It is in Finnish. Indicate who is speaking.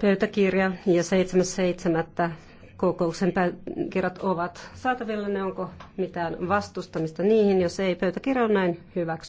Speaker 1: pöytäkirja ja 7.7. kokouksen kirjat ovat saatavilla. Ne onko mitään vastustamista niihin, jos ei pöytäkirja on näin hyväksy.